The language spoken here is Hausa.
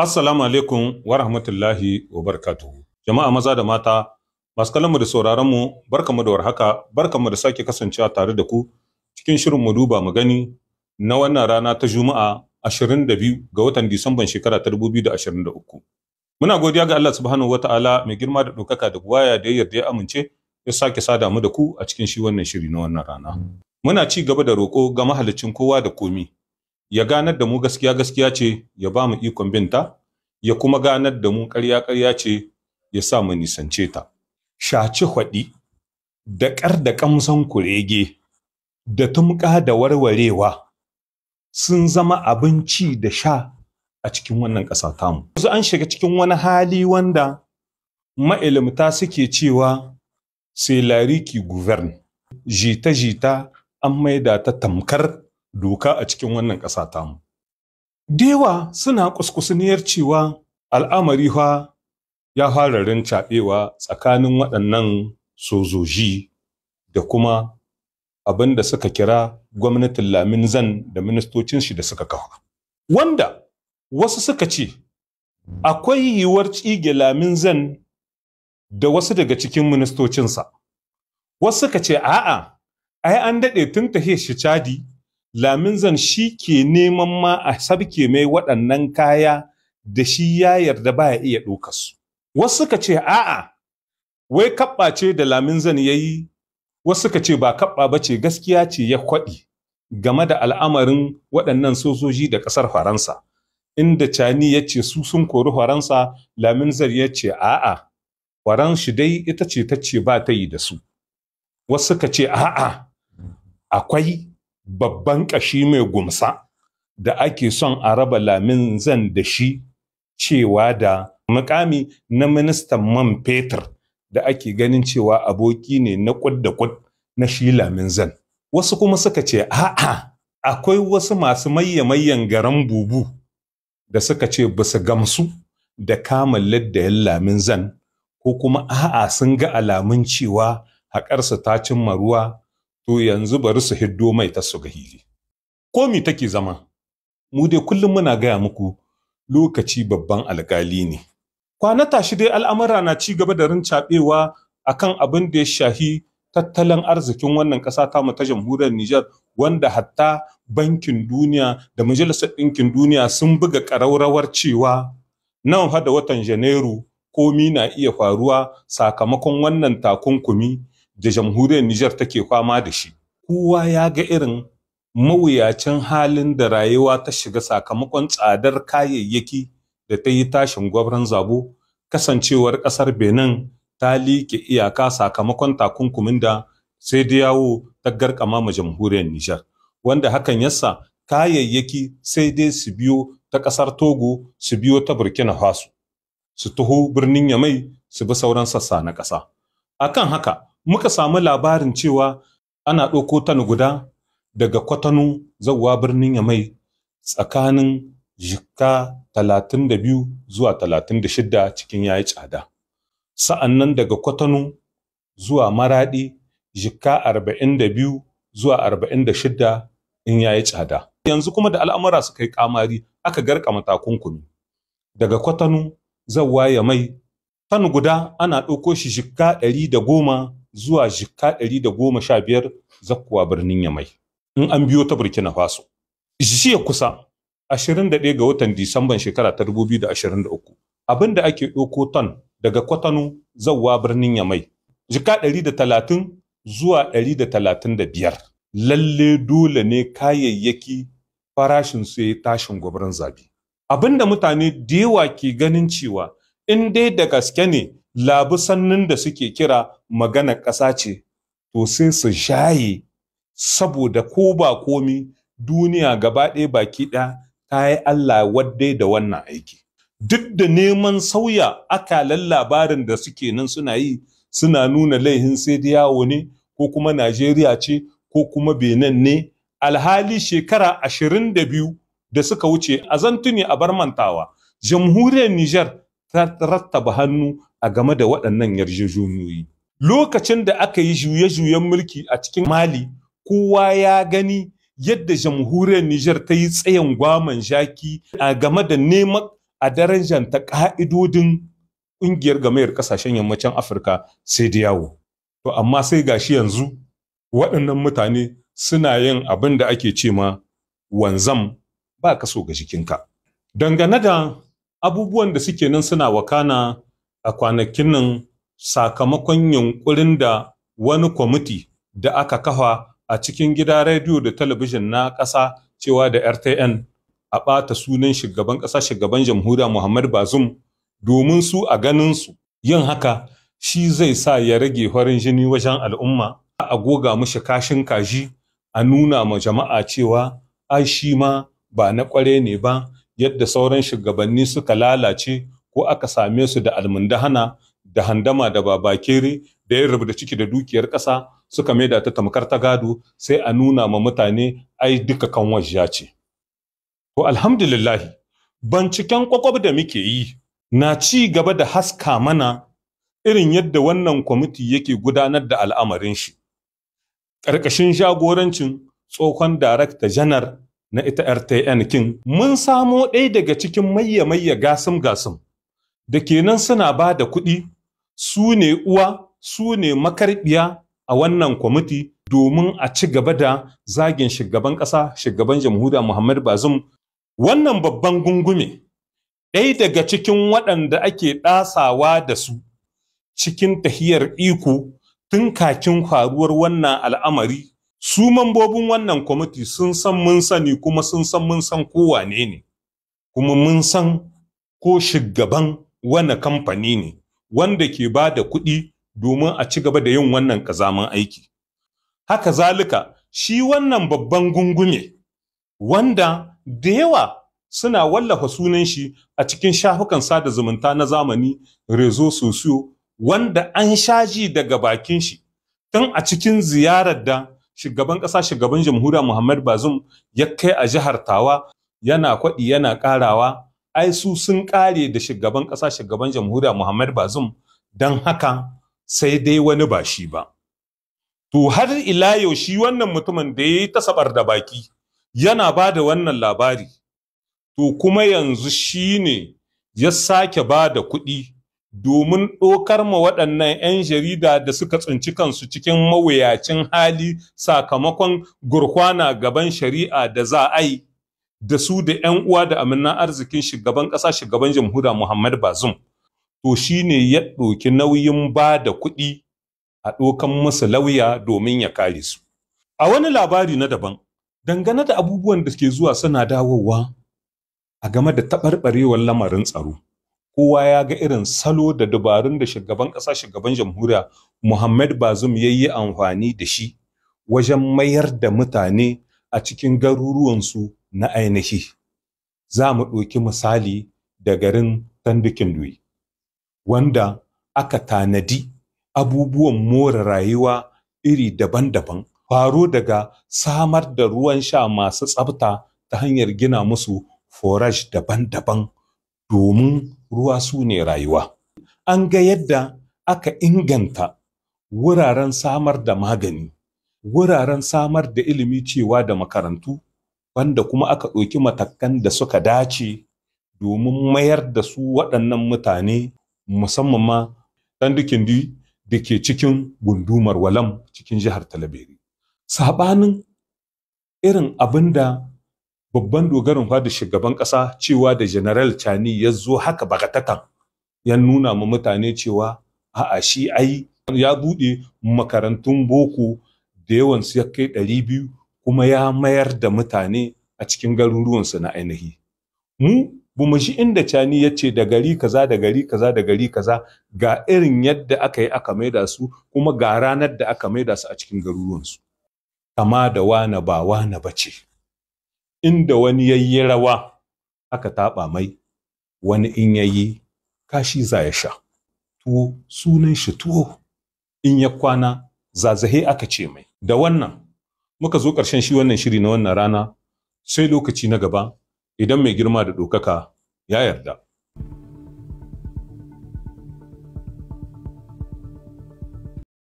Assalamu alaikum wa rahmatullahi wa barakatuhu. Jama'a maza da mata, masu mu da sauraronmu, barkamu da warhaka, barkamu da sake kasancewa tare da ku cikin shirin mu duba mu gani na wannan rana ta Juma'a 22 ga watan Disamban shekara ta 2023. Muna godiya ga Allah subhanahu wataala mai girma da ɗaukaka da buwaya da yarda ya amince ya sake sada mu da ku a cikin shi wannan shiri na wannan rana. Muna ci gaba da roƙo ga mahalicin kowa da komi. ya ganar da mu gaskiya gaskiya ce ya ba mu ikon binta ya kuma ganar da mun ƙarya ƙarya ce ya sa mu nisance ta shaci hwaɗi da ƙar da ƙamsan kurege da tumƙa da warwarewa sun zama abinci da sha a cikin wannan ƙasa tamu. Yanzu an shiga cikin wani hali wanda ma'ilimta suke cewa sai lariki guvern jita-jita an maida ta tamkar doka a cikin wannan ƙasa tamu. Dewa suna kuskusuniyar cewa al'amari fa ya fara rincaɓewa tsakanin waɗannan sojoji da kuma abin da suka kira gwamnatin Lamin Zan da ministocin shi da suka kafa. Wanda wasu suka ce akwai yiwuwar tsige Lamin Zan da wasu daga cikin ministocinsa. Wasu suka ce a'a, ai an daɗe tun tahe shi cadi laminzan shi ke neman ma a sabke mai waɗannan kaya da shi ya yarda ba ya iya ɗaukar su. Wasu suka ce a'a wai kaɓa ce da Lamizan ya yi, wasu suka ce ba kaɓa ba ce gaskiya ce ya kwaɗi game da al'amarin waɗannan sojoji da ƙasar Faransa. Inda Cani ya ce su sun kori Faransa, Lamizan ya ce a'a shi dai ita ce ta ce ba ta yi da su. Wasu suka ce a'a akwai babban ƙashi mai gumsa da ake son a raba lamin zan da shi cewa da mukami na ministan man fetur da ake ganin cewa aboki ne na kud da kud na shi lamin zan. Wasu kuma suka ce, a'a, akwai wasu masu mayyamayyan garan bubu da suka ce ba su gamsu da kama laddayin lamin zan ko kuma a'a sun ga alamun cewa haƙarsa ta cimma ruwa to yanzu bari su hiddo mai ta su ga hili. mi take zama, mu dai kullum muna gaya muku lokaci babban alkali ne. Kwana tashi dai al'amura na ci gaba da rincaɓewa a kan abin da ya shahi tattalin arzikin wannan ƙasa ta mu ta jamhuriyar Nijar wanda hatta bankin duniya da majalisar ɗinkin duniya sun buga ƙaraurawar cewa nan fa da watan Janairu komi na iya faruwa sakamakon wannan takunkumi da jamhuriyar Nijar take kwama da shi. Kowa ya ga irin mawuyacin halin da rayuwa ta shiga sakamakon tsadar kayayyaki da ta yi tashin gwabran zabo kasancewar ƙasar Benin ta liƙe iyaka sakamakon takunkumin da sai da yawo ta garkama ma jamhuriyar Nijar. Wanda hakan yasa kayayyaki sai dai su biyo ta ƙasar Togo su biyo ta Burkina Faso su taho birnin Yamai su bi sauran sassa na ƙasa. Akan haka muka samu labarin cewa ana ɗauko tan guda daga kwatano zauwa birnin yamai tsakanin jika 32 zuwa 36 cikin yayi tsada sa'an nan daga kwatano zuwa maraɗi jika 42 zuwa 46 in yayi tsada yanzu kuma da al'amura suka yi kamari aka garkama takunkumi daga kwatano ya mai tan guda ana ɗauko shi ɗari da goma. zuwa jikka ɗari da goma sha biyar zakkuwa birnin Yamai. In an biyo ta Burkina Faso. Jiya kusa ashirin da ɗaya ga watan Disamban shekara ta uku abin da ake ɗauko ton daga Kwatano zawwa birnin Yamai. Jika ɗari da talatin zuwa ɗari da da talatin biyar. Lalle dole ne kayayyaki farashin su ya tashin gwabran zabi. Abin da mutane da yawa ke ganin cewa in dai da gaske ne labu sannin da suke kira magana ƙasa ce to sai su shaye saboda ko ba komi duniya gaba ɗaya baki ɗaya ta yi Allah wadda da wannan aiki duk da neman sauya akalan labarin da suke nan suna yi suna nuna laihin sai da yawo ne ko kuma Najeriya ce ko kuma Benin ne alhali shekara ashirin da biyu da suka wuce a zantuni a bar mantawa jamhuriyar Nijar ta rattaba hannu a game da waɗannan yarjejeniyoyi. Lokacin da aka yi juye-juyen mulki a cikin Mali, kowa ya gani yadda jamhuriyar Nijar ta yi tsayin gwaman jaki a game da neman a darajar ta ƙa'idodin ƙungiyar gamayar ƙasashen yammacin Afirka sai da yawo. To amma sai gashi yanzu waɗannan mutane suna yin abin da ake ce ma wanzam ba kaso ga jikinka. Dangane da abubuwan da suke nan suna wakana a kwanakin nan sakamakon yunƙurin da wani kwamiti da aka kafa a cikin gida rediyo da talabijin na ƙasa cewa da RTN a ɓata sunan shugaban ƙasa shugaban jamhuriya Muhammad Bazum domin su a ganin su yin haka shi zai sa ya rage farin jini wajen al'umma a goga mishi kashin kaji a nuna ma jama'a cewa ai shi ma ba na kware ne ba yadda sauran shugabanni suka lalace ko aka same su da almundahana da handama da babakere da ya rubuta ciki da dukiyar ƙasa suka maida ta tamkar ta gado sai a nuna ma mutane ai duka kan wajja ce. To alhamdulillahi cikin kwakwab da muke yi na ci gaba da haska mana irin yadda wannan kwamiti yake gudanar da al'amarin shi. Ƙarƙashin jagorancin tsohon darakta janar na ita RTN Kin. mun samo ɗaya daga cikin mayya-mayya gasim-gasim da kenan suna ba da kuɗi su ne uwa su ne makarbiya a wannan kwamiti domin a ci gaba da zagin shugaban ƙasa shugaban jamhuriya muhammad bazum wannan babban gungume ɗaya daga cikin waɗanda ake ɗasawa da su cikin tahiyar iko tun kakin faruwar wannan al'amari su mambobin wannan kwamiti sun san mun sani kuma sun san mun san kowane ne kuma mun san ko shugaban wani kamfani ne wanda ke ba da kuɗi domin a ci gaba da yin wannan ƙazaman aiki. Haka zalika shi wannan babban gungume wanda da yawa suna wallafa sunan shi a cikin shafukan sada zumunta na zamani rezo sosiyo wanda an shaji daga bakin shi tun a cikin ziyarar da shugaban ƙasa shugaban jamhuriya Muhammad Bazum ya kai a jihar Tawa yana kwaɗi yana ƙarawa ai su sun kare da shugaban kasa shugaban jamhuriya Muhammad Bazum dan haka sai dai wani ba shi ba. To har ila yau shi wannan mutumin da ya yi tasabar da baki yana ba da wannan labari, to kuma yanzu shi ne ya sake ba da kuɗi domin ɗokar ma waɗannan ƴan jarida da suka tsinci kansu cikin mawuyacin hali sakamakon gurkwana gaban shari'a da za a yi. da su da yan uwa da aminan arzikin shugaban ƙasa shugaban jamhuriya Muhammad Bazum to shine ya ɗauki nauyin ba da kuɗi a ɗokan musu lauya domin ya kare su a wani labari na daban dangane da abubuwan da ke zuwa suna dawowa a game da taɓarɓarewar lamarin tsaro kowa ya ga irin salo da dabarun da shugaban ƙasa shugaban jamhuriya Muhammad Bazum yayi amfani da shi wajen mayar da mutane a cikin garuruwansu na ainihi za mu ɗauki misali da garin tandukin dui, wanda aka tanadi abubuwan more rayuwa iri daban-daban faro daga samar da ruwan sha masu tsabta ta hanyar gina musu forage daban-daban domin ruwa su ne rayuwa an ga yadda aka inganta wuraren samar da magani wuraren samar da ilimi cewa da makarantu wanda kuma aka ɗauki matakan da suka dace domin mayar da su waɗannan mutane musamman ma ɗan dukin da ke cikin gundumar walam cikin jihar talabiri Sabanin irin abin da babban dogarin da shugaban ƙasa cewa da general chani ya zo haka bakatakan ya nuna ma mutane cewa a'a shi ai ya buɗe makarantun boko da yawansu ya kai ɗari biyu kuma ya mayar da mutane a cikin garuruwansu na ainihi mu bu mu shi inda cani ya ce da gari kaza da gari kaza da gari kaza ga irin yadda aka yi aka maida su kuma ga ranar da aka maida su a cikin garuruwansu kama da wane ba wane ba ce inda wani ya yi rawa aka taɓa mai wani in ya yi kashi za ya sha tuwo sunan shi tuwo in ya kwana zazahe aka ce mai da wannan muka zo ƙarshen shi wannan shiri na wannan rana sai lokaci na gaba idan mai girma da ɗaukaka ya yarda.